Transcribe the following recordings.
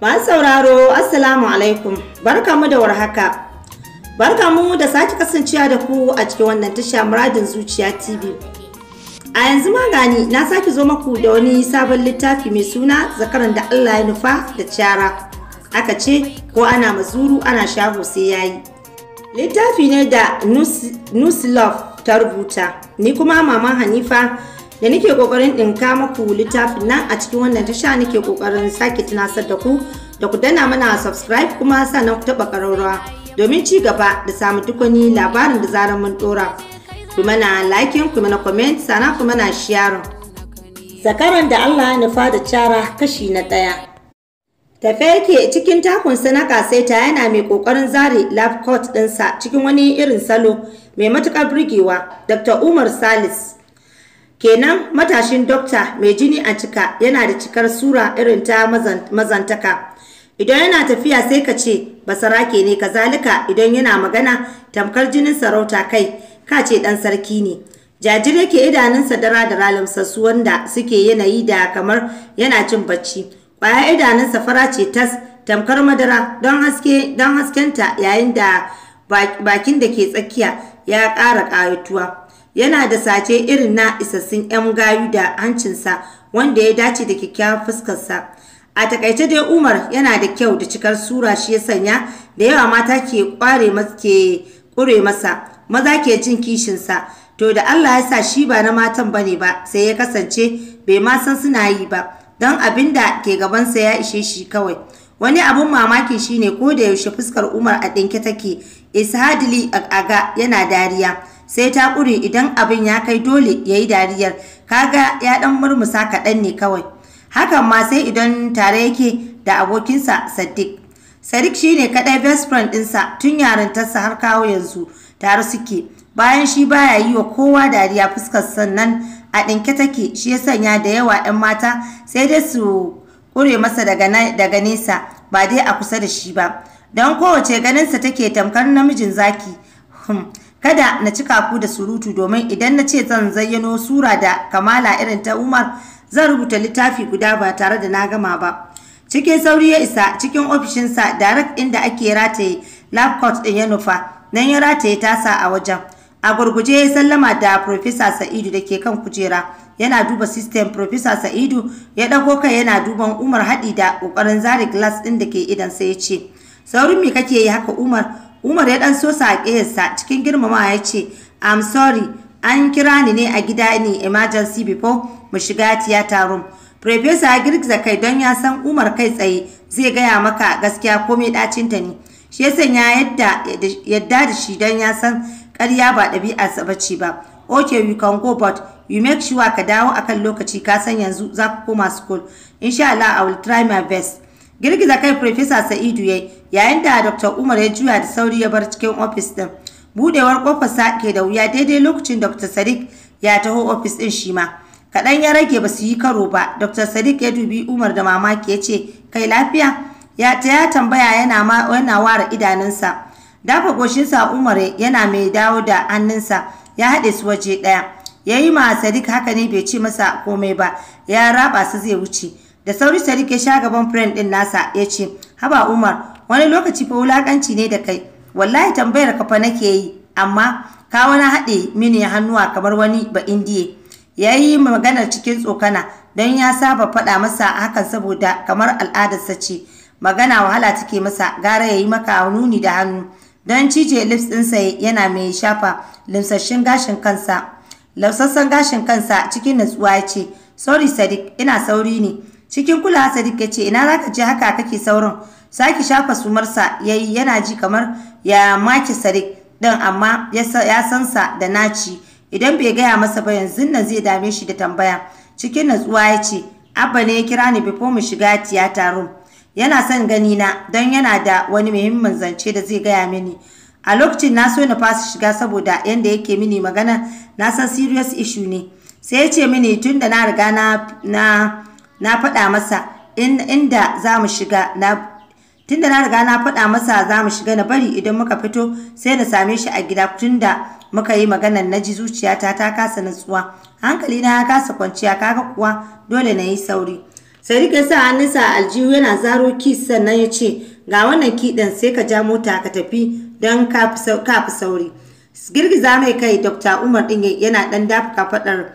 Masu sauraro, Assalamu alaikum, barka mu da warhaka. Barka mu da sake kasancewa da ku a cikin wannan tasha muradin zuciya TV. A yanzu magani na sake zo maku da wani sabon littafi mai suna zakaran da Allah ya nufa da cara. Aka ce ko ana mazuru ana shago sai ya yi. Littafi ne da Nuslov ta rubuta, ni kuma maman Hanifa da nake kokarin ɗinka maku littafin nan a cikin wannan tasha nake kokarin sake tunasar da ku da ku dana mana subscribe kuma sannan ku taɓa ƙararrawa domin ci gaba da samu tukuni labarin da zarar mun ɗora ku mana liking ku mana comment sannan ku mana share zakaran da Allah ya nufa da cara kashi na ɗaya Tafe yake cikin takun sai kaseta yana mai kokarin zare lab coat ɗinsa cikin wani irin salo mai matukar burgewa Dr. Umar Salis kenan matashin dokta mai jini a cika yana da cikar sura irin ta mazantaka idan yana tafiya sai ka ce basarake ne kazalika idan yana magana tamkar jinin sarauta kai ka ce dan sarki ne jajir yake idanunsa dara da ralamsassu wanda suke yanayi da kamar yana cin bacci kwaya idanunsa fara ce tas tamkar madara don haskenta yayin da bakin da ke tsakiya ya ƙara ƙayatuwa yana da sace irin na isassun 'yan gayu da hancinsa wanda ya dace da kyakkyawan fuskarsa a takaice dai umar yana da kyau da cikar sura shi ya sanya da yawa mata ke kware ke kure masa maza ke jin kishinsa to da allah ya sa shi ba na matan ba ne ba sai ya kasance bai ma san suna yi ba don abin da ke gabansa ya ishe shi kawai wani abin mamaki shine ko da yaushe fuskar umar a ɗinke take ishadili aga yana dariya sai ta kure idan abin ya kai dole ya yi dariyar kaga ya ɗan murmusa kaɗan ne kawai hakan ma sai idan tare yake da abokinsa sadiq sadiq shine kaɗai best friend ɗinsa tun yarintarsa har kawo yanzu tare suke bayan shi baya yi wa kowa dariya fuskar sannan a ɗinke take shi ya sanya da yawa ɗan mata sai dai su ƙure masa daga nesa ba dai a kusa da shi ba don kowace ganinsa take tamkar namijin zaki kada na cika ku da surutu domin idan na ce zan zayyano sura da kamala irin ta Umar zan rubuta littafi guda ba tare da na gama ba cikin sauri ya isa cikin ofishinsa direct inda ake rataye lab court din ya nufa nan ya rataye tasa a wajen a gurguje ya sallama da Profesa Sa'idu da ke kan kujera yana duba system Profesa Sa'idu ya ɗauko kai yana duban Umar haɗi da ƙoƙarin zare glass din da ke idan sai ya ce saurin me kake yi haka Umar Umar ya dan so saƙeyarsa cikin girmamawa ya ce, I'm sorry, an kira ni ne a gida ne emergency before mu shiga tiyata room. Profesa ya girgiza kai don ya san Umar kai tsaye zai gaya maka gaskiya komai ɗacinta ne. Shi ya ya yadda da shi don ya san ƙarya ba ɗabi'arsa ba ce ba. Okay, we can go but you make sure ka dawo akan lokaci ka san yanzu za ku koma school. Insha Allah, I will try my best. girgiza kai Profesa Sa'idu yayi yayin da Dr. Umar ya juya da sauri ya bar cikin ofis din. Budewar kofar ke da wuya daidai lokacin Dr. Sadiq ya taho ofis din shi ma. Kaɗan ya rage ba su yi karo ba, Dr. Sadiq ya dubi Umar da mamaki ya ce, Kai lafiya? Ya ta ya tambaya yana, yana ware idanunsa. Dafa goshinsa Umar yana mai dawo da hannunsa ya haɗe su waje ɗaya. Ya yi ma Sadiq haka ne bai ce masa komai ba, ya raba su zai wuce. da sauri sadiq ya sha gaban friend din nasa ya ce haba umar wani lokaci fa wulakanci ne da kai wallahi tambayar kafa nake yi amma ka wani haɗe mini hannuwa kamar wani ba indiye ya yi maganar cikin tsokana don ya saba faɗa masa hakan saboda kamar al'adarsa ce magana wahala take masa gara ya yi maka nuni da hannu don cije lips ɗinsa yana mai shafa limsashin gashin kansa lausassan gashin kansa cikin natsuwa ya ce sorry sadiq ina sauri ne cikin kulawa sadiq ya ce ina za ka je haka kake saurin saki shafa sumarsa ya yi yana ji kamar ya maki sadiq ɗin amma ya san sa da naci idan bai gaya masa ba yanzu nan zai dame shi da tambaya cikin natsuwa ya ce abba ne ya kira ni before mu shiga tiyata room yana son gani na don yana da wani muhimmin zance da zai gaya mini a lokacin na so na fasa shiga saboda yanda yake mini magana na san serious issue ne sai ya ce mini tun da na riga na na na faɗa masa inda za mu shiga na tunda na riga na faɗa masa za mu shiga na bari idan muka fito sai na same shi a gida tunda muka yi maganar na ji zuciyata ta kasa natsuwa hankali na ya kasa kwanciya kaga kuwa dole na yi sauri sadiq ya sa hannunsa a aljihu yana zaro ki sannan ya ce ga wannan kiɗan sai ka ja mota ka tafi don ka fi sauri girgiza mai kai dr umar ɗin yana ɗan dafa kafaɗar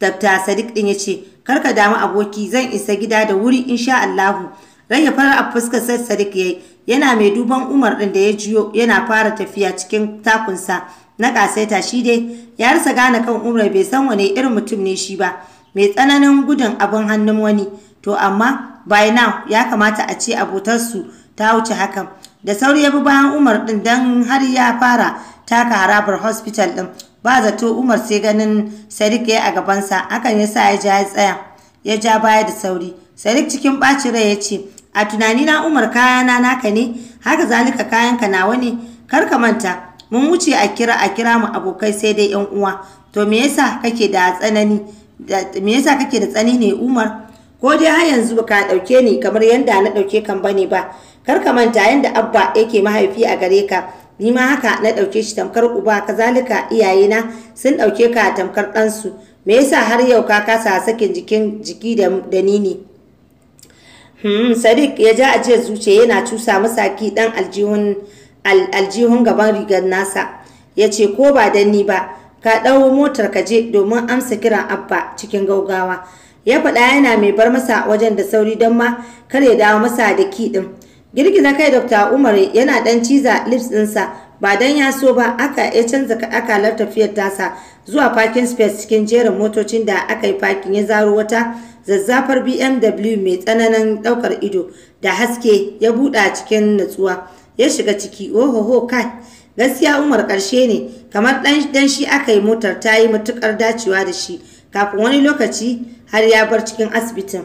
dr sadiq ɗin ya ce Kar ka damu aboki zan isa gida da wuri insha Allahu. Rage farar fuskar sai Sadiq yayi. Yana mai duban Umar din da ya jiyo yana fara tafiya cikin takunsa na kasaita shi dai ya rasa gane kan Umar bai san wane irin mutum ne shi ba. Mai tsananin gudun abin hannun wani. To amma by now ya kamata a ce abotarsu ta wuce hakan. Da sauri ya bi bayan Umar din dan har ya fara taka harabar hospital din ba zato umar sai ganin sadiq ya a gabansa hakan ya sa ya ja ya tsaya ya ja baya da sauri sadiq cikin ɓacin rai ya ce a tunani na umar kayana naka ne haka zalika kayanka nawa ne kar ka manta mun wuce a kira a kira mu abokai sai dai yan uwa to me yasa kake da tsanani me yasa kake da tsani ne umar ko dai har yanzu baka dauke ni kamar yanda na dauke kan bane ba kar ka manta yanda abba yake mahaifi a gare ka ni ma haka na ɗauke shi tamkar uba kazalika iyayena sun ɗauke ka tamkar ɗansu me yasa har yau ka kasa sakin jikin jiki da ni ne hmm, sadiq ya ja ajiyar zuciya yana cusa masa ki ɗan aljihun gaban rigar nasa ya ce ko ba dan ni ba ka ɗau motar ka je domin amsa kiran abba cikin gaugawa ya faɗa yana mai bar masa wajen da sauri don ma kar ya dawo masa da ki ɗin girgiza kai dr umar yana dan ciza lips sa ba dan ya so ba aka ya canza akalar tafiyar tasa zuwa parking space cikin jerin motocin da aka yi parking ya zaro wata zazzafar bmw mai tsananin daukar ido da haske ya buɗa cikin natsuwa ya shiga ciki ohoho kai gaskiya umar karshe ne kamar dan shi aka yi motar ta yi matukar dacewa da shi kafin wani lokaci har ya bar cikin asibitin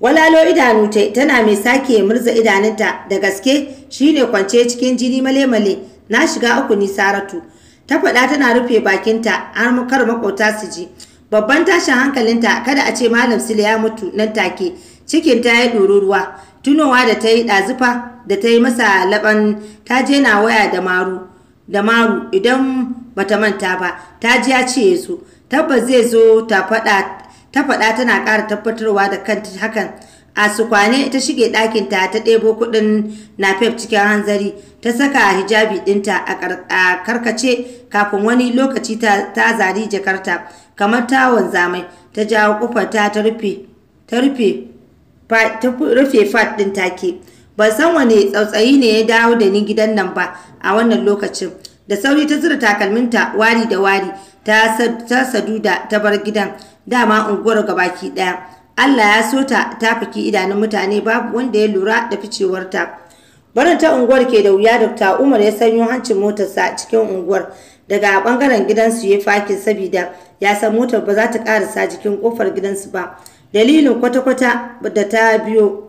walalo idanu ta tana mai sake murza idanunta da gaske shine kwance cikin jini male-male na shiga uku ni saratu ta faɗa tana rufe bakinta har kar makota su ji babban tashin hankalinta kada a ce malam sule ya mutu nan take cikin ta ya ɗoro ruwa tunowa da ta yi ɗazufa da ta yi masa laban ta je na waya da maru da maru idan bata manta ba ta ji ya ce ya zo tabbas zai zo ta faɗa ta faɗa tana ƙara tabbatarwa da kanta hakan a sukwane ta shige ɗakinta ta ɗebo kuɗin nafef cikin hanzari ta saka hijabi ɗinta a karkace kafin wani lokaci ta zari jakarta kamar tawon zamai ta jawo kufarta ta rufe ta rufe fat ɗin take ban san wani tsautsayi ne ya dawo da ni gidan nan ba a wannan lokacin da sauri ta zura takalminta wari da wari ta sadu da ta bar gidan dama unguwar gabaki daya Allah ya so ta ta fiki idanun mutane babu wanda ya lura da ficewarta barin ta unguwar ke da wuya Dr. Umar ya sanyo hancin motarsa cikin unguwar daga bangaren gidansu ya faki saboda ya san motar ba za ta karasa jikin kofar gidansu ba dalilin kwata-kwata da ta biyo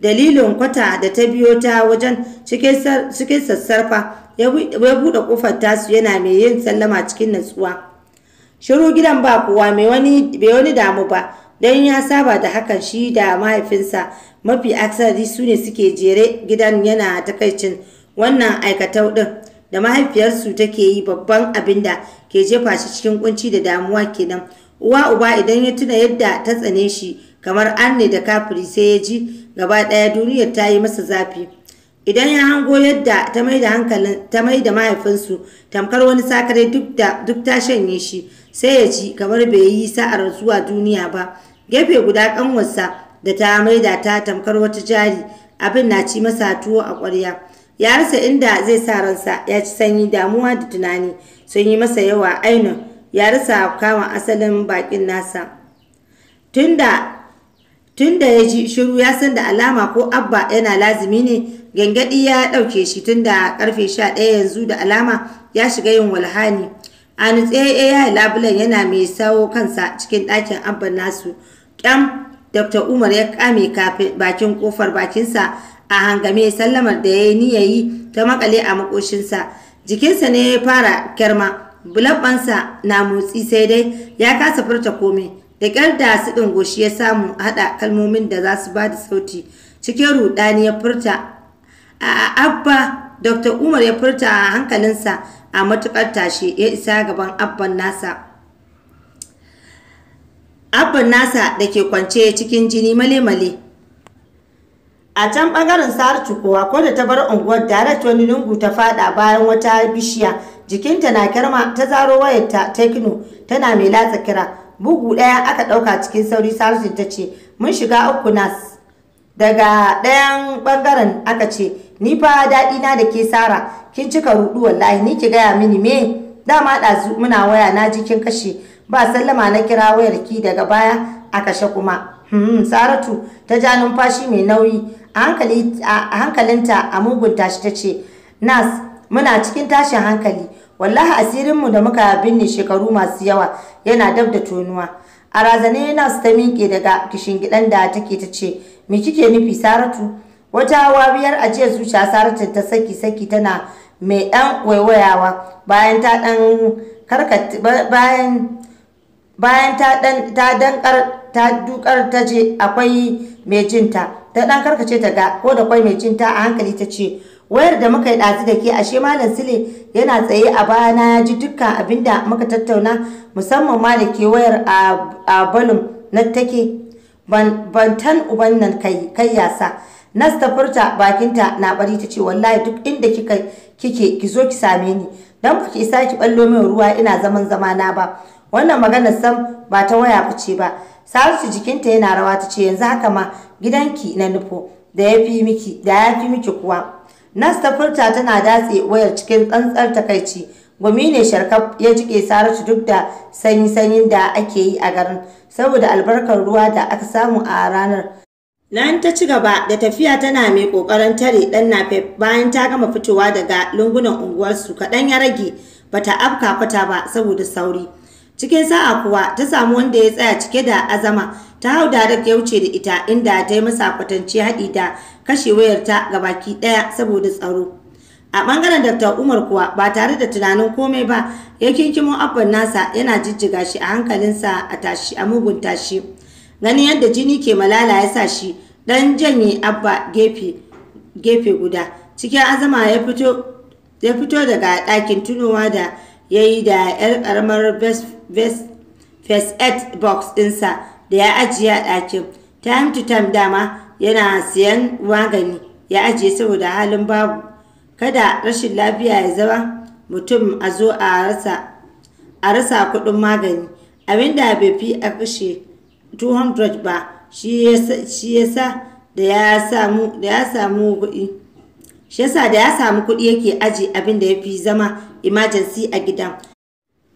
dalilin kwata da ta biyo ta wajen cikin sassarfa ya buɗe kofar tasu yana mai yin sallama cikin natsuwa. shiru gidan ba kowa mai wani bai wani damu ba don ya saba da hakan shi da mahaifinsa mafi aksari su ne suke jere gidan yana takaicin wannan aikatau din da mahaifiyarsu take yi babban abin da ke jefa shi cikin kunci da damuwa kenan uwa uba idan ya tuna yadda ta tsane shi kamar arne da kafiri sai ya ji gaba daya duniyar ta yi masa zafi idan ya hango yadda ta mai da hankalin ta mai da mahaifinsu tamkar wani sakare duk da duk ta shanye shi sai ya ci kamar bai yi sa'ar zuwa duniya ba gefe guda kanwarsa da ta mai da ta tamkar wata jari abin na ci masa tuwo a ƙwarya ya rasa inda zai sa ransa ya ci sanyi damuwa da tunani sun yi masa yawa ainun ya rasa kama asalin bakin nasa tunda tunda ya ji shiru ya san da alama ko abba yana lazimi ne Gangadi ya ɗauke shi tun da karfe sha ɗaya yanzu da alama ya shiga yin walhani. A nutse ya yi labulen yana mai sawo kansa cikin ɗakin abban nasu. Ƙyam Dr. Umar ya kame kafin bakin kofar bakinsa a hangame sallamar da ya yi niyayi ta makale a makoshinsa. Jikinsa ne ya fara kyarma, bulabbansa na motsi sai dai ya kasa furta komai. Da kyar da su ɗin goshi ya samu haɗa kalmomin da za su ba da sauti. Cikin ruɗani ya furta abba dr umar ya furta a hankalinsa a matukar tashi ya isa gaban abban nasa abban nasa da ke kwance cikin jini male-male a can bangaren sa'ar cukowa ko da ta bar unguwar direct wani lungu ta fada bayan wata bishiya jikinta na kirma ta zaro ta tekno tana mai latsa kira bugu ɗaya aka ɗauka cikin sauri sarjin ta ce mun shiga uku nas daga ɗayan bangaren aka ce ni fa daɗi na da ke sara kin cika rudu wallahi ni ki gaya mini me dama ɗazu muna waya na ji kin kashe ba sallama na kira wayar ki daga baya a kashe kuma hmm, saratu ta ja numfashi mai nauyi a hankalinta a mugun tashi ta ce nas muna cikin tashin hankali wallahi asirinmu da muka binne shekaru masu yawa yana dab da tonuwa a razane nas ta miƙe daga kishin gidan da take ta ce me kike nufi saratu wata hawa biyar a ce zuciya saratu ta saki saki tana mai ɗan waiwayawa bayan ta ɗan ta ɗan ta dukar ta je akwai mai jinta ta ɗan karkace ta ga ko da kwai mai jinta a hankali ta ce wayar da muka yi ɗazu da ke ashe malam sile yana tsaye a bayana ya ji dukkan abin da muka tattauna musamman ma da ke wayar a balum na take tan uban nan kai yasa nas ta bakinta na bari ta ce wallahi duk inda kika kike ki zo ki same ni dan ku ki isa ki ballo min ruwa ina zaman zama na ba wannan magana sam ba ta waya fice ba salisu jikinta yana rawa ta ce yanzu haka ma gidanki na nufo da ya fi miki da ya miki kuwa nas ta tana datse wayar cikin tsantsar takaici gumi ne sharkaf ya jike saratu duk da sanyi sanyin da ake yi a garin saboda albarkar ruwa da aka samu a ranar Nan ta ci gaba da tafiya tana mai kokarin tare ɗan nafe bayan ta gama fitowa daga lungunan unguwarsu kaɗan ya rage bata afka kwata ba saboda sauri. Cikin sa'a kuwa ta samu wanda ya tsaya cike da azama ta hau da ya wuce da ita inda ta yi masa kwatanci haɗi da kashe wayarta ga baki ɗaya saboda tsaro. A ɓangaren Dr. Umar kuwa ba tare da tunanin komai ba ya kinkimo abban nasa yana jijjiga shi a hankalinsa a tashi a mugun tashi. gani yadda jini ke malala ya sa shi dan janye abba gefe guda cikin azama ya fito daga ɗakin tunowa da ya yi da 'yar ƙaramar first aid box ɗinsa da ya ajiye a ɗakin time to time dama yana siyan magani ya ajiye saboda halin babu kada rashin lafiya ya zama mutum a zo a rasa kuɗin magani abinda bai fi a kashe 200 ba shi da ya samu da ya samu kuɗi shi yasa da ya samu kuɗi yake aji abin da ya fi zama emergency a gidan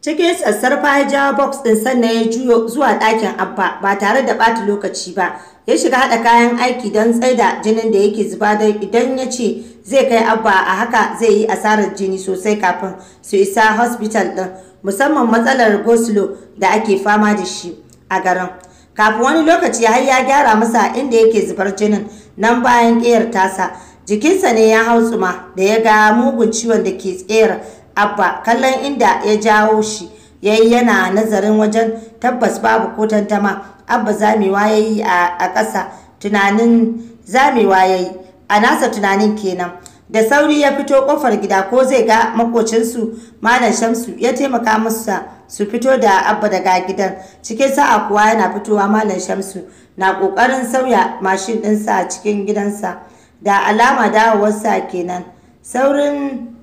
cikin sassarfa ya box ɗin sannan ya juyo zuwa ɗakin abba ba tare da ɓata lokaci ba ya shiga haɗa kayan aiki don tsaida jinin da yake zuba don idan ya ce zai kai abba a haka zai yi asarar jini sosai kafin su isa hospital ɗin musamman matsalar goslo da ake fama da shi a garin kafin wani lokaci har ya gyara masa inda yake zubar jinin nan bayan ƙeyar tasa jikinsa ne ya hau tsuma da ya ga mugun ciwon da ke tsayar abba kallon inda ya jawo shi ya yi yana nazarin wajen tabbas babu ko tantama abba zamewa ya yi a ƙasa tunanin zamewa ya yi a nasa tunanin kenan da sauri ya fito ƙofar gida ko zai ga makocinsu malam shamsu ya taimaka masa su fito da abba daga gidan cikin sa'a kuwa yana fitowa malam shamsu na kokarin sauya mashin ɗinsa a cikin gidansa da alama dawowarsa kenan saurin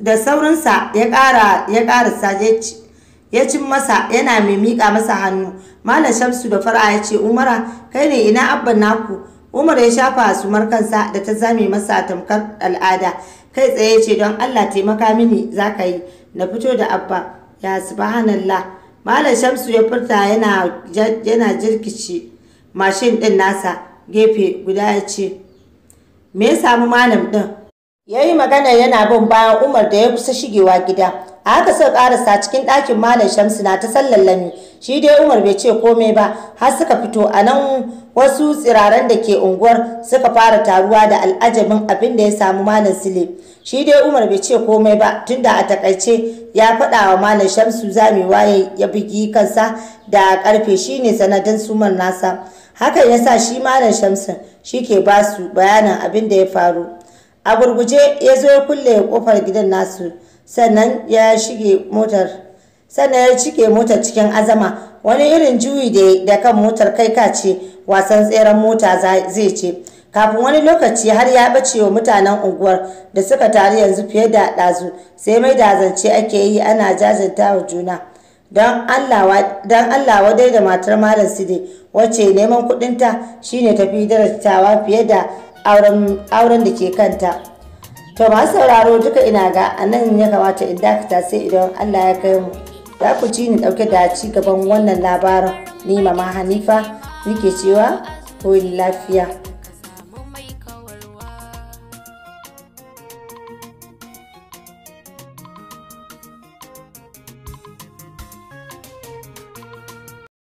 da saurinsa ya ƙara ya ya cin masa yana mai miƙa masa hannu malam shamsu da fara ya ce umara kai ne ina Abba naku umar ya shafa su markansa da ta zame masa tamkar al'ada kai tsaye ce don allah taimaka mini za ka yi na fito da abba ya subhanallah malam shamsu ya furta yana yana jirkice mashin din nasa gefe guda ya ce me ya samu malam din ya yi magana yana bin bayan umar da ya kusa shigewa gida a haka karasa cikin ɗakin malam shamsu na ta sallallami shi dai umar bai ce komai ba har suka fito a nan wasu tsiraran da ke unguwar suka fara taruwa da al'ajabin abin da ya samu malam Sule. shi dai umar bai ce komai ba tunda a takaice ya faɗa wa malam shamsu waye ya bugi kansa da karfe shine sanadin sumar nasa hakan ya sa shi malam Shamsu shi ke ba su bayanin abin da ya faru a gurguje ya zo ya kulle kofar gidan nasu sannan ya shige motar sannan ya cike motar cikin azama wani irin juyi da kan motar kai ka ce wasan tseren mota zai ce kafin wani lokaci har ya bace wa mutanen unguwar da suka taru yanzu fiye da ɗazu sai mai da zance ake yi ana jajanta wa juna don Allah wadai da matar Malam Sidi wacce neman kudinta shine tafi darajtawa fiye da auren da ke kanta. to masu sauraro duka ina ga a nan ya kamata in dakata sai idan Allah ya kai mu za ku ji ni ɗauke da ci gaban wannan labarin ni mama Hanifa nike cewa ko lafiya.